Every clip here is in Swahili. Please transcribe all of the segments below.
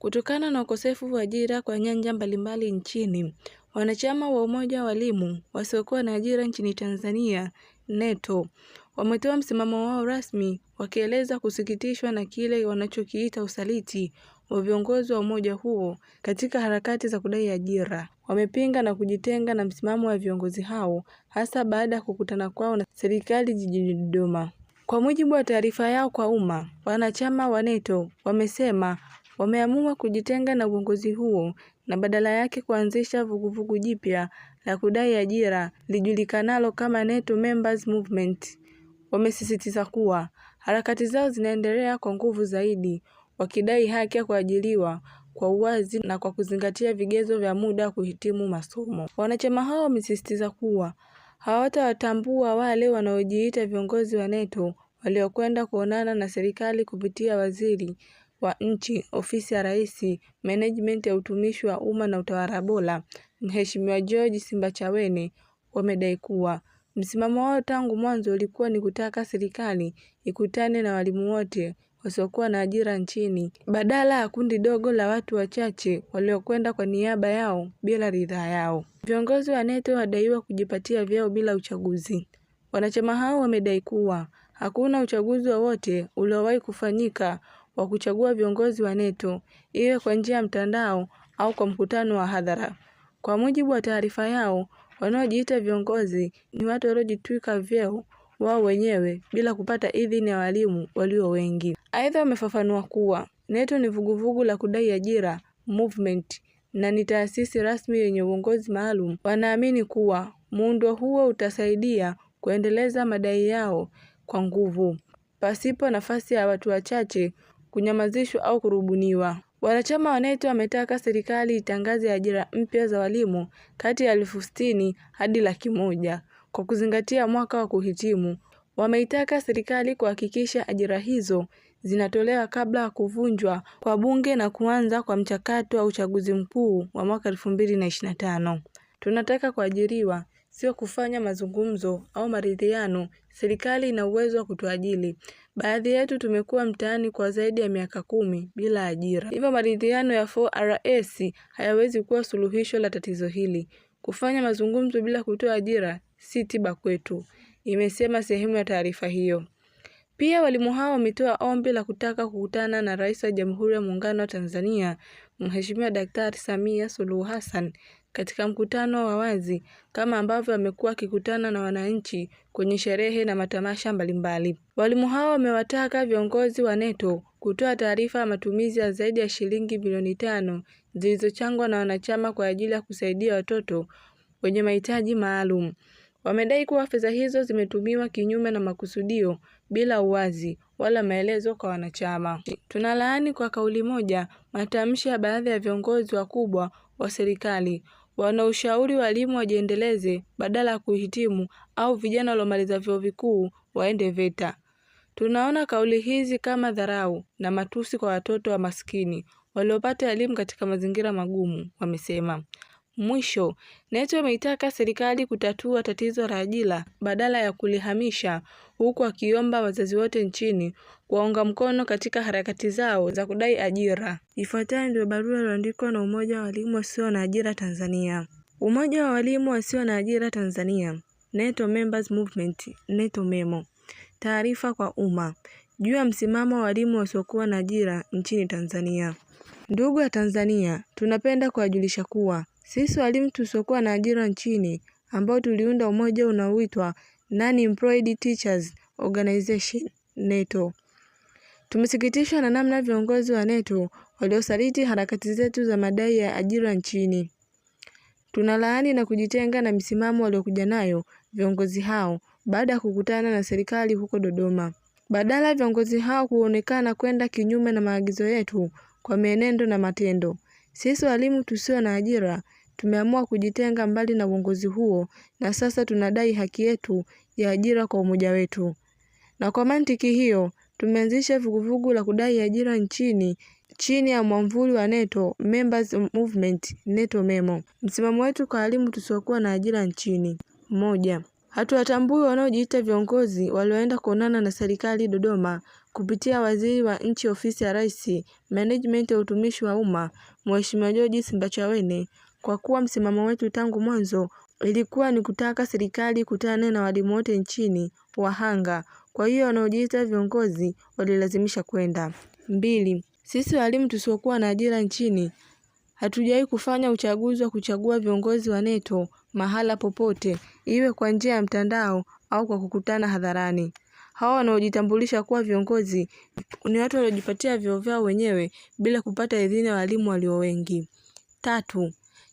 Kutokana na ukosefu wa ajira kwa nyanja mbalimbali nchini, wanachama wa Umoja wa Walimu Wasiokuwa na Ajira nchini Tanzania (NETO) wametoa msimamo wao rasmi wakieleza kusikitishwa na kile wanachokiita usaliti wa viongozi wa umoja huo katika harakati za kudai ajira. Wamepinga na kujitenga na msimamo wa viongozi hao hasa baada ya kukutana kwao na serikali jijini Dodoma. Kwa mujibu wa taarifa yao kwa umma, wanachama wa NETO wamesema wameamua kujitenga na uongozi huo na badala yake kuanzisha vuguvugu jipya la kudai ajira lijulikanalo kama Neto Members Movement. Wamesisitiza kuwa harakati zao zinaendelea kwa nguvu zaidi, wakidai haki ya kuajiriwa kwa uwazi na kwa kuzingatia vigezo vya muda wa kuhitimu masomo. Wanachama hao wamesisitiza kuwa hawatawatambua wale wanaojiita viongozi wa Neto waliokwenda kuonana na serikali kupitia waziri wa Nchi, Ofisi ya Rais, management ya Utumishi wa Umma na Utawala Bora, Mheshimiwa George Simbachawene wamedai kuwa msimamo wao tangu mwanzo ulikuwa ni kutaka serikali ikutane na walimu wote wasiokuwa na ajira nchini badala ya kundi dogo la watu wachache waliokwenda kwa niaba yao bila ridhaa yao. Viongozi wa NETO wadaiwa kujipatia vyeo bila uchaguzi. Wanachama hao wamedai kuwa hakuna uchaguzi wowote uliowahi kufanyika wa kuchagua viongozi wa NETO iwe kwa njia ya mtandao au kwa mkutano wa hadhara. Kwa mujibu wa taarifa yao, wanaojiita viongozi ni watu waliojitwika vyeo wao wenyewe bila kupata idhini ya walimu walio wengi. Aidha, wamefafanua kuwa NETO ni vuguvugu la kudai ajira movement na ni taasisi rasmi yenye uongozi maalum. Wanaamini kuwa muundo huo utasaidia kuendeleza madai yao kwa nguvu pasipo nafasi ya watu wachache kunyamazishwa au kurubuniwa. Wanachama wa NATO wametaka serikali itangaze ajira mpya za walimu kati ya elfu sitini hadi laki moja kwa kuzingatia mwaka wa kuhitimu. Wameitaka serikali kuhakikisha ajira hizo zinatolewa kabla ya kuvunjwa kwa bunge na kuanza kwa mchakato wa uchaguzi mkuu wa mwaka 2025. Tunataka kuajiriwa sio kufanya mazungumzo au maridhiano. Serikali ina uwezo wa kutuajili Baadhi yetu tumekuwa mtaani kwa zaidi ya miaka kumi bila ajira. Hivyo maridhiano ya 4RS hayawezi kuwa suluhisho la tatizo hili. Kufanya mazungumzo bila kutoa ajira si tiba kwetu, imesema sehemu ya taarifa hiyo. Pia walimu hao wametoa ombi la kutaka kukutana na Rais wa Jamhuri ya Muungano wa Tanzania, Mheshimiwa Daktari Samia Suluhu Hassan katika mkutano wa wazi kama ambavyo amekuwa akikutana na wananchi kwenye sherehe na matamasha mbalimbali. Walimu hao wamewataka viongozi wa NETO kutoa taarifa ya matumizi ya zaidi ya shilingi bilioni tano zilizochangwa na wanachama kwa ajili ya kusaidia watoto wenye mahitaji maalum. Wamedai kuwa fedha hizo zimetumiwa kinyume na makusudio bila uwazi wala maelezo kwa wanachama. Tunalaani kwa kauli moja matamshi ya baadhi ya viongozi wakubwa wa serikali Wanaushauri walimu wajiendeleze badala ya kuhitimu au vijana waliomaliza vyuo vikuu waende VETA. Tunaona kauli hizi kama dharau na matusi kwa watoto wa maskini waliopata elimu katika mazingira magumu, wamesema. Mwisho, Neto ameitaka serikali kutatua tatizo la ajira badala ya kulihamisha huku akiomba wazazi wote nchini kuwaunga mkono katika harakati zao za kudai ajira. Ifuatayo ndio barua iliyoandikwa na Umoja wa Walimu Wasio na Ajira Tanzania. Umoja wa Walimu Wasio na Ajira Tanzania, Neto Members Movement, Neto Memo. Taarifa kwa umma juu ya msimamo wa walimu wasiokuwa na ajira nchini Tanzania. Ndugu wa Tanzania, tunapenda kuwajulisha kuwa sisi walimu tusiokuwa na ajira nchini ambao tuliunda umoja unaoitwa Non-Employed Teachers Organization NETO. Tumesikitishwa na namna viongozi wa NETO waliosaliti harakati zetu za madai ya ajira nchini. Tunalaani na kujitenga na misimamo waliokuja nayo viongozi hao baada ya kukutana na serikali huko Dodoma. Badala viongozi hao kuonekana kwenda kinyume na maagizo yetu kwa mienendo na matendo, sisi walimu tusio na ajira Tumeamua kujitenga mbali na uongozi huo na sasa tunadai haki yetu ya ajira kwa umoja wetu. Na kwa mantiki hiyo, tumeanzisha vuguvugu la kudai ajira nchini chini ya mwamvuli wa NATO Members Movement NATO Memo. Msimamo wetu kwa walimu tusiokuwa na ajira nchini. Moja, hatuwatambui wanaojiita viongozi walioenda kuonana na serikali Dodoma kupitia waziri wa nchi ofisi ya Rais, Management ya utumishi wa umma, Mheshimiwa George Simbachawene kwa kuwa msimamo wetu tangu mwanzo ilikuwa ni kutaka serikali kutane na walimu wote nchini wahanga. Kwa hiyo wanaojiita viongozi walilazimisha kwenda. Mbili, sisi walimu tusiokuwa na ajira nchini hatujawahi kufanya uchaguzi wa kuchagua viongozi wa NETO mahala popote, iwe kwa njia ya mtandao au kwa kukutana hadharani. Hawa wanaojitambulisha kuwa viongozi ni watu waliojipatia vyeo vyao wenyewe bila kupata idhini ya walimu walio wengi. Tatu,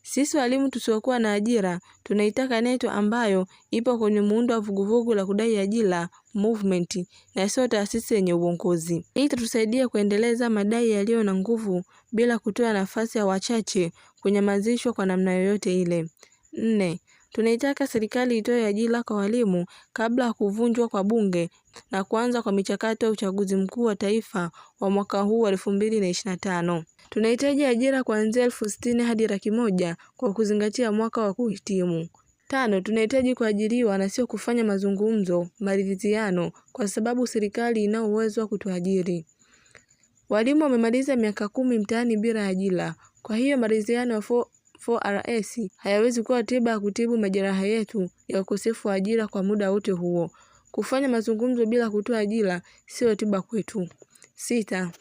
sisi walimu tusiokuwa na ajira tunaitaka NETO ambayo ipo kwenye muundo wa vuguvugu la kudai ajira movement na sio taasisi yenye uongozi. Hii itatusaidia kuendeleza madai yaliyo na nguvu bila kutoa nafasi ya wachache kunyamazishwa kwa namna yoyote ile. Nne, Tunaitaka serikali itoe ajira kwa walimu kabla ya kuvunjwa kwa Bunge na kuanza kwa michakato ya uchaguzi mkuu wa Taifa wa mwaka huu wa tano. Tunahitaji ajira kuanzia elfu sitini hadi laki moja kwa kuzingatia mwaka wa kuhitimu. Tano, tunahitaji kuajiriwa na sio kufanya mazungumzo, maridhiano kwa sababu serikali ina uwezo wa kutuajiri. Walimu wamemaliza miaka kumi mtaani bila ajira. Kwa hiyo maridhiano 4RS hayawezi kuwa tiba ya kutibu majeraha yetu ya ukosefu wa ajira kwa muda wote huo. Kufanya mazungumzo bila kutoa ajira sio tiba kwetu. Sita,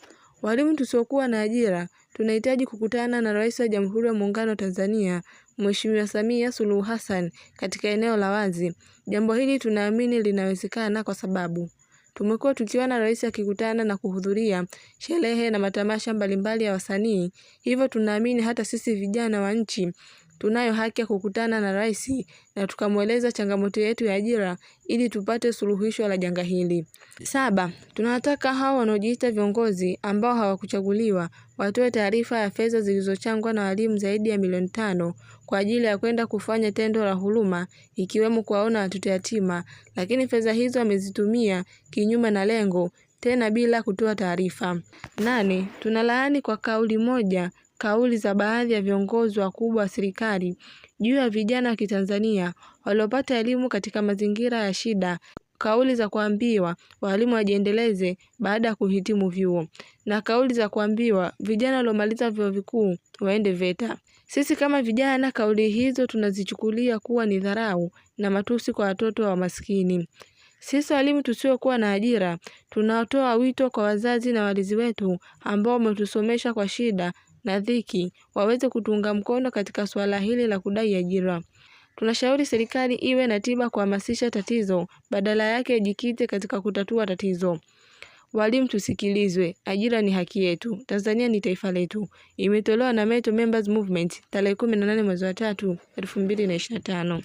walimu tusiokuwa na ajira tunahitaji kukutana na Rais wa Jamhuri ya Muungano wa Tanzania Mheshimiwa Samia Suluhu Hassan katika eneo la wazi. Jambo hili tunaamini linawezekana kwa sababu Tumekuwa tukiona rais akikutana na kuhudhuria sherehe na matamasha mbalimbali ya wasanii, hivyo tunaamini hata sisi vijana wa nchi tunayo haki ya kukutana na rais na tukamweleza changamoto yetu ya ajira ili tupate suluhisho la janga hili. Saba, tunawataka hao wanaojiita viongozi ambao hawakuchaguliwa watoe taarifa ya fedha zilizochangwa na walimu zaidi ya milioni tano kwa ajili ya kwenda kufanya tendo la huruma ikiwemo kuwaona watoto yatima, lakini fedha hizo amezitumia kinyume na lengo tena bila kutoa taarifa. Nane, tunalaani kwa kauli moja kauli za baadhi ya viongozi wakubwa wa serikali juu ya vijana wa Kitanzania waliopata elimu katika mazingira ya shida, kauli za kuambiwa walimu wajiendeleze baada ya kuhitimu vyuo na kauli za kuambiwa vijana waliomaliza vyuo vikuu waende VETA. Sisi kama vijana kauli hizo tunazichukulia kuwa ni dharau na matusi kwa watoto wa maskini. Sisi walimu tusiokuwa na ajira tunatoa wito kwa wazazi na walezi wetu ambao wametusomesha kwa shida na dhiki waweze kutuunga mkono katika suala hili la kudai ajira. Tunashauri serikali iwe na tiba kuhamasisha tatizo badala yake ijikite katika kutatua tatizo. Walimu tusikilizwe, ajira ni haki yetu, Tanzania ni taifa letu. Imetolewa na Metro Members Movement tarehe 18 mwezi wa 3, 2025.